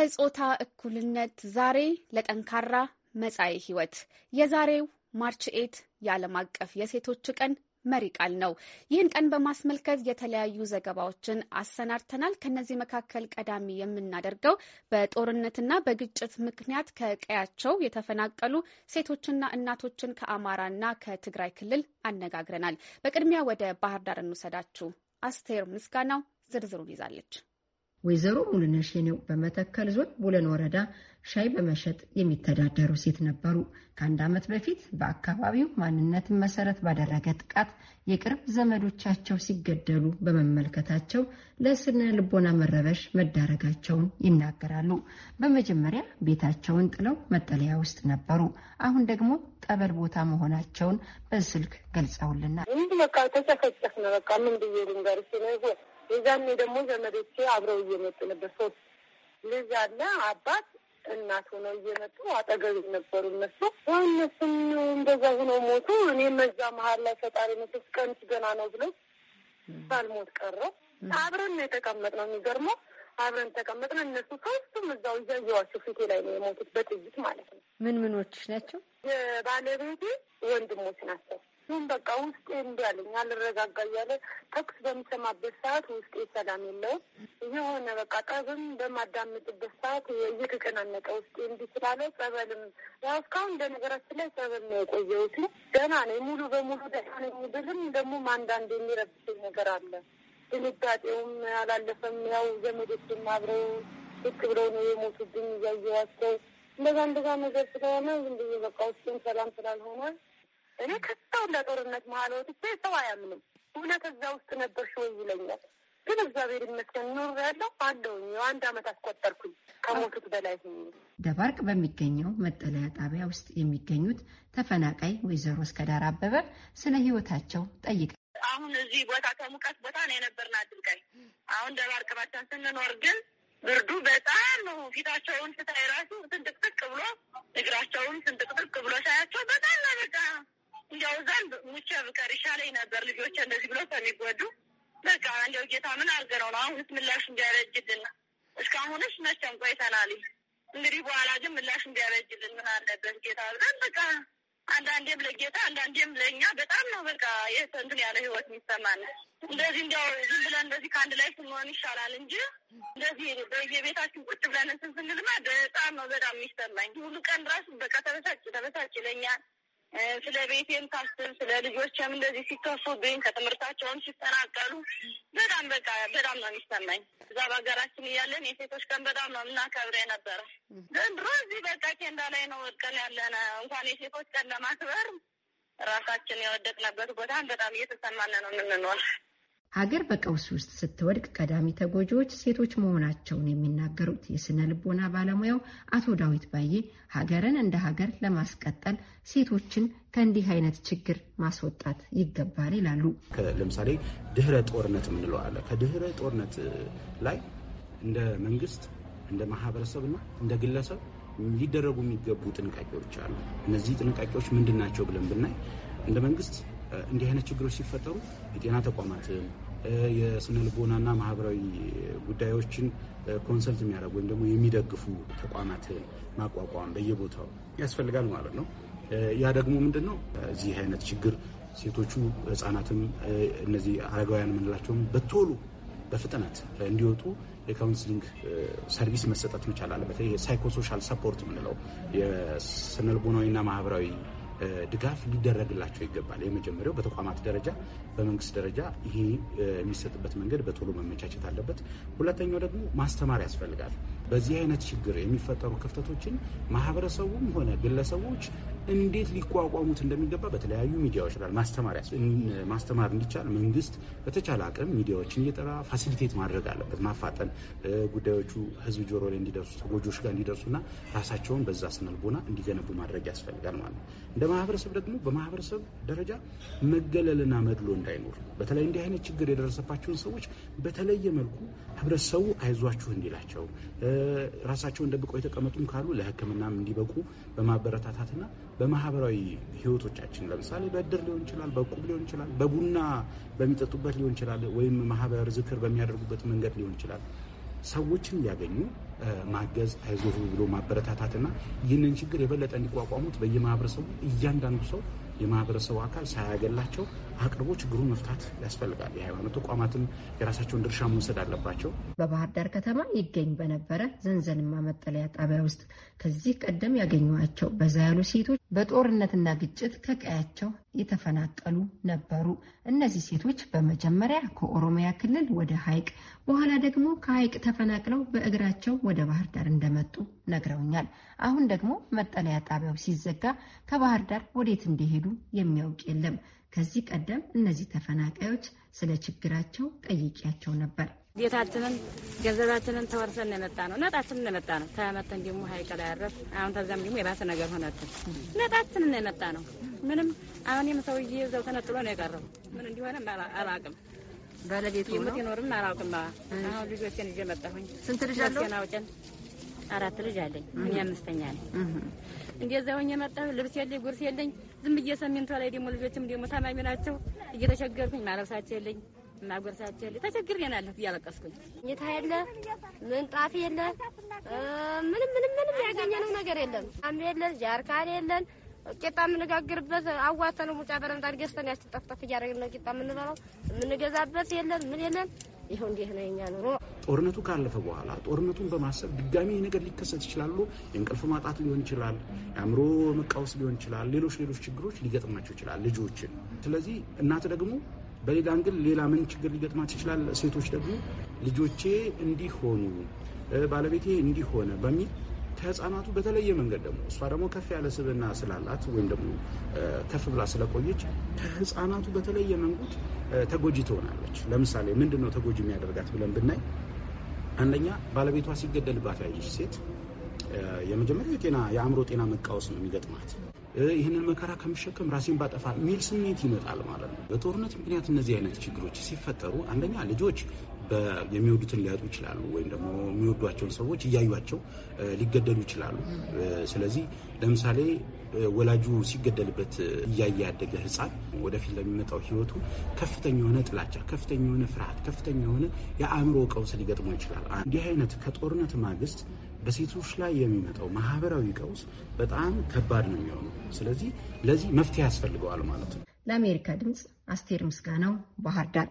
የጾታ እኩልነት ዛሬ ለጠንካራ መጻኢ ህይወት የዛሬው ማርች ኤት የዓለም አቀፍ የሴቶች ቀን መሪ ቃል ነው። ይህን ቀን በማስመልከት የተለያዩ ዘገባዎችን አሰናድተናል። ከነዚህ መካከል ቀዳሚ የምናደርገው በጦርነትና በግጭት ምክንያት ከቀያቸው የተፈናቀሉ ሴቶችና እናቶችን ከአማራና ከትግራይ ክልል አነጋግረናል። በቅድሚያ ወደ ባህር ዳር እንውሰዳችሁ። አስቴር ምስጋናው ዝርዝሩን ይዛለች። ወይዘሮ ሙሉነሽ የኔው በመተከል ዞን ቡለን ወረዳ ሻይ በመሸጥ የሚተዳደሩ ሴት ነበሩ። ከአንድ ዓመት በፊት በአካባቢው ማንነትን መሰረት ባደረገ ጥቃት የቅርብ ዘመዶቻቸው ሲገደሉ በመመልከታቸው ለስነ ልቦና መረበሽ መዳረጋቸውን ይናገራሉ። በመጀመሪያ ቤታቸውን ጥለው መጠለያ ውስጥ ነበሩ። አሁን ደግሞ ጠበል ቦታ መሆናቸውን በስልክ ገልጸውልናል። የዛኔ ደግሞ ዘመዶቼ አብረው እየመጡ ነበር። ሶስት ልጅ አለ አባት እናት ሆነው እየመጡ አጠገብ ነበሩ። እነሱ እነሱም እንደዛ ሆነው ሞቱ። እኔም እዛ መሀል ላይ ፈጣሪ ምስል ቀንች ገና ነው ብለው ሳልሞት ቀረው። አብረን ነው የተቀመጥነው። የሚገርመው አብረን ተቀመጥነው። እነሱ ሶስቱም እዛው እያየዋቸው ፊቴ ላይ ነው የሞቱት በጥይት ማለት ነው። ምን ምኖች ናቸው? የባለቤቴ ወንድሞች ናቸው። ግን በቃ ውስጤ እንዲ ያለኝ አልረጋጋ እያለ ተኩስ በሚሰማበት ሰዓት ውስጤ ሰላም የለውም። የሆነ በቃ ጠብም በማዳምጥበት ሰዓት እየተጨናነቀ ውስጤ እንዲ ስላለ ጸበልም ያው እስካሁን በነገራችን ላይ ጸበል ነው የቆየሁት። ደህና ነኝ፣ ሙሉ በሙሉ ደህና ነኝ ብልም ደግሞ አንዳንድ የሚረብሽኝ ነገር አለ። ድንጋጤውም አላለፈም። ያው ዘመዶችም አብረው ልክ ብለው ነው የሞቱብኝ እያየዋቸው እንደዛ እንደዛ ነገር ስለሆነ ዝም ብዬ በቃ ውስጤም ሰላም ስላልሆነ እኔ ከዛው እንደ ጦርነት መሀል ወጥቼ ሰው አያምንም። እውነት እዛ ውስጥ ነበርሽ ወይ ይለኛል። ግን እግዚአብሔር ይመስገን ኖር ያለው አለውኝ አንድ አመት አስቆጠርኩኝ ከሞቱት በላይ ደባርቅ በሚገኘው መጠለያ ጣቢያ ውስጥ የሚገኙት ተፈናቃይ ወይዘሮ እስከዳር አበበ ስለ ህይወታቸው ጠይቀ አሁን እዚህ ቦታ ከሙቀት ቦታ ነው የነበርና አድርጋኝ አሁን ደባርቅ ባቻን ስንኖር ግን ብርዱ በጣም ነው። ፊታቸውን ስታይ ራሱ ስንጥቅጥቅ ብሎ እግራቸውን ስንጥቅጥቅ ብሎ ሳያቸው በጣም ነው በቃ እንዲያው ዘንድ ሙቼ ብቀር ይሻለኝ ነበር። ልጆች እንደዚህ ብሎ ከሚጎዱ በቃ እንዲያው ጌታ ምን አርገ ነው አሁንስ ምላሽ እንዲያረጅልን። እስካሁንስ መቼም ቆይተናል። እንግዲህ በኋላ ግን ምላሽ እንዲያረጅልን ምን አለበት ጌታ ብለን በቃ አንዳንዴም ለጌታ አንዳንዴም ለእኛ በጣም ነው በቃ የእንትን ያለ ህይወት የሚሰማን እንደዚህ እንዲያው ዝም ብለን እንደዚህ ከአንድ ላይ ስንሆን ይሻላል እንጂ እንደዚህ በየቤታችን ቁጭ ብለን እንትን ስንልማ በጣም ነው በጣም የሚሰማኝ ሁሉ ቀን ራሱ በቃ ተበሳጭ ተበሳጭ ይለኛል። ስለ ቤቴም ሳስብ ስለ ልጆችም እንደዚህ ሲከፉብኝ ከትምህርታቸውም ሲጠናቀሉ በጣም በቃ በጣም ነው የሚሰማኝ። እዛ በሀገራችን እያለን የሴቶች ቀን በጣም ነው የምናከብረ ነበረ። ዘንድሮ እዚህ በቃ ኬንዳ ላይ ነው ወድቀን ያለነ እንኳን የሴቶች ቀን ለማክበር ራሳችን የወደቅነበት ቦታን በጣም እየተሰማነ ነው የምንኖር። ሀገር በቀውስ ውስጥ ስትወድቅ ቀዳሚ ተጎጂዎች ሴቶች መሆናቸውን የሚናገሩት የስነ ልቦና ባለሙያው አቶ ዳዊት ባዬ ሀገርን እንደ ሀገር ለማስቀጠል ሴቶችን ከእንዲህ አይነት ችግር ማስወጣት ይገባል ይላሉ። ለምሳሌ ድህረ ጦርነት የምንለው አለ። ከድህረ ጦርነት ላይ እንደ መንግስት፣ እንደ ማህበረሰብ እና እንደ ግለሰብ ሊደረጉ የሚገቡ ጥንቃቄዎች አሉ። እነዚህ ጥንቃቄዎች ምንድን ናቸው ብለን ብናይ እንደ መንግስት እንዲህ አይነት ችግሮች ሲፈጠሩ የጤና ተቋማትን የስነ ልቦናና ማህበራዊ ጉዳዮችን ኮንሰልት የሚያደርጉ ወይም ደግሞ የሚደግፉ ተቋማትን ማቋቋም በየቦታው ያስፈልጋል ማለት ነው። ያ ደግሞ ምንድን ነው እዚህ አይነት ችግር ሴቶቹ፣ ህጻናትም እነዚህ አረጋውያን የምንላቸውም በቶሎ በፍጥነት እንዲወጡ የካውንስሊንግ ሰርቪስ መሰጠት መቻል አለበት። ሳይኮሶሻል ሰፖርት የምንለው የስነልቦናዊና ማህበራዊ ድጋፍ ሊደረግላቸው ይገባል። የመጀመሪያው በተቋማት ደረጃ በመንግስት ደረጃ ይሄ የሚሰጥበት መንገድ በቶሎ መመቻቸት አለበት። ሁለተኛው ደግሞ ማስተማር ያስፈልጋል። በዚህ አይነት ችግር የሚፈጠሩ ክፍተቶችን ማህበረሰቡም ሆነ ግለሰቦች እንዴት ሊቋቋሙት እንደሚገባ በተለያዩ ሚዲያዎች ላይ ማስተማር እንዲቻል መንግስት በተቻለ አቅም ሚዲያዎችን እየጠራ ፋሲሊቴት ማድረግ አለበት። ማፋጠን ጉዳዮቹ ህዝብ ጆሮ ላይ እንዲደርሱ ተጎጆች ጋር እንዲደርሱና ራሳቸውን በዛ ስነልቦና እንዲገነቡ ማድረግ ያስፈልጋል ማለት ነው። እንደ ማህበረሰብ ደግሞ በማህበረሰብ ደረጃ መገለልና መድሎ እንዳይኖር በተለይ እንዲህ አይነት ችግር የደረሰባቸውን ሰዎች በተለየ መልኩ ህብረተሰቡ አይዟችሁ እንዲላቸው ራሳቸውን ደብቀው የተቀመጡም ካሉ ለህክምናም እንዲበቁ በማበረታታትና በማህበራዊ ህይወቶቻችን ለምሳሌ በእድር ሊሆን ይችላል፣ በቁብ ሊሆን ይችላል፣ በቡና በሚጠጡበት ሊሆን ይችላል፣ ወይም ማህበር ዝክር በሚያደርጉበት መንገድ ሊሆን ይችላል። ሰዎችን ሊያገኙ ማገዝ አይዞህ ብሎ ማበረታታትና ይህንን ችግር የበለጠ እንዲቋቋሙት በየማህበረሰቡ እያንዳንዱ ሰው የማህበረሰቡ አካል ሳያገላቸው አቅርቦ ችግሩን መፍታት ያስፈልጋል። የሃይማኖት ተቋማትም የራሳቸውን ድርሻ መውሰድ አለባቸው። በባህር ዳር ከተማ ይገኝ በነበረ ዘንዘንማ መጠለያ ጣቢያ ውስጥ ከዚህ ቀደም ያገኟቸው በዛ ያሉ ሴቶች በጦርነትና ግጭት ከቀያቸው የተፈናቀሉ ነበሩ። እነዚህ ሴቶች በመጀመሪያ ከኦሮሚያ ክልል ወደ ሐይቅ በኋላ ደግሞ ከሐይቅ ተፈናቅለው በእግራቸው ወደ ባህር ዳር እንደመጡ ነግረውኛል። አሁን ደግሞ መጠለያ ጣቢያው ሲዘጋ ከባህር ዳር ወዴት እንደሄዱ የሚያውቅ የለም። ከዚህ ቀደም እነዚህ ተፈናቃዮች ስለ ችግራቸው ጠይቂያቸው ነበር። ቤታችንን ገንዘባችንን ተወርሰን የመጣ ነው። ነጣችንን የመጣ ነው። ተመተን ደግሞ ሀይቅ ላይ ያረፍ አሁን ተዛም ደግሞ የባሰ ነገር ሆነብን። ነጣችንን የመጣ ነው። ምንም አሁን ሰውዬ እዛው ተነጥሎ ነው የቀረው። ምን እንዲሆነ አላቅም። ባለቤቱ ነው ይኖርም አላውቅም። አሁን ልጆችን ይዤ መጣሁኝ። ስንት ልጅ አለው? አራት ልጅ አለኝ። እኔ አምስተኛ ነኝ። እንደዛ ሆኜ መጣሁ። ልብስ የለኝ፣ ጉርስ የለኝ። ዝም ብዬ ሰሚንቷ ላይ ደግሞ ልጆችም ደግሞ ታማሚ ናቸው። እየተቸገርኩኝ ማለብሳቸው የለኝ ማጎርሳቸው የለ ተቸግሬናለሁ እያለቀስኩኝ እኝታ የለ ምንጣፍ የለ ምንም ምንም ምንም ያገኘነው ነገር የለም። አም የለን ጃርካን የለን ቄጣ የምንጋግርበት አዋተ ነው። ሙጫ በረንዳ ገዝተን ያስተጠፍጠፍ እያደረግን ነው ቄጣ የምንበላው። የምንገዛበት የለን ምን የለን። ይኸው እንዲህ ነው የኛ ኑሮ። ጦርነቱ ካለፈ በኋላ ጦርነቱን በማሰብ ድጋሚ ነገር ሊከሰት ይችላሉ። የእንቅልፍ ማጣት ሊሆን ይችላል፣ የአእምሮ መቃወስ ሊሆን ይችላል፣ ሌሎች ሌሎች ችግሮች ሊገጥማቸው ይችላል ልጆችን። ስለዚህ እናት ደግሞ በሌላ እንግል ሌላ ምን ችግር ሊገጥማት ይችላል። ሴቶች ደግሞ ልጆቼ እንዲሆኑ ባለቤቴ እንዲሆነ በሚል ከህፃናቱ በተለየ መንገድ ደግሞ እሷ ደግሞ ከፍ ያለ ስብና ስላላት ወይም ደግሞ ከፍ ብላ ስለቆየች ከህፃናቱ በተለየ መንገድ ተጎጂ ትሆናለች። ለምሳሌ ምንድን ነው ተጎጂ የሚያደርጋት ብለን ብናይ አንደኛ ባለቤቷ ሲገደልባት ያየች ሴት የመጀመሪያ የጤና የአእምሮ ጤና መቃወስ ነው የሚገጥማት። ይህንን መከራ ከምሸከም ራሴን ባጠፋ የሚል ስሜት ይመጣል ማለት ነው። በጦርነት ምክንያት እነዚህ አይነት ችግሮች ሲፈጠሩ አንደኛ ልጆች የሚወዱትን ሊያጡ ይችላሉ፣ ወይም ደግሞ የሚወዷቸውን ሰዎች እያዩቸው ሊገደሉ ይችላሉ። ስለዚህ ለምሳሌ ወላጁ ሲገደልበት እያየ ያደገ ሕፃን ወደፊት ለሚመጣው ህይወቱ ከፍተኛ የሆነ ጥላቻ፣ ከፍተኛ የሆነ ፍርሃት፣ ከፍተኛ የሆነ የአእምሮ ቀውስ ሊገጥሞ ይችላል። እንዲህ አይነት ከጦርነት ማግስት በሴቶች ላይ የሚመጣው ማህበራዊ ቀውስ በጣም ከባድ ነው የሚሆኑ። ስለዚህ ለዚህ መፍትሄ ያስፈልገዋል ማለት ነው። ለአሜሪካ ድምፅ አስቴር ምስጋናው ባህር ዳር።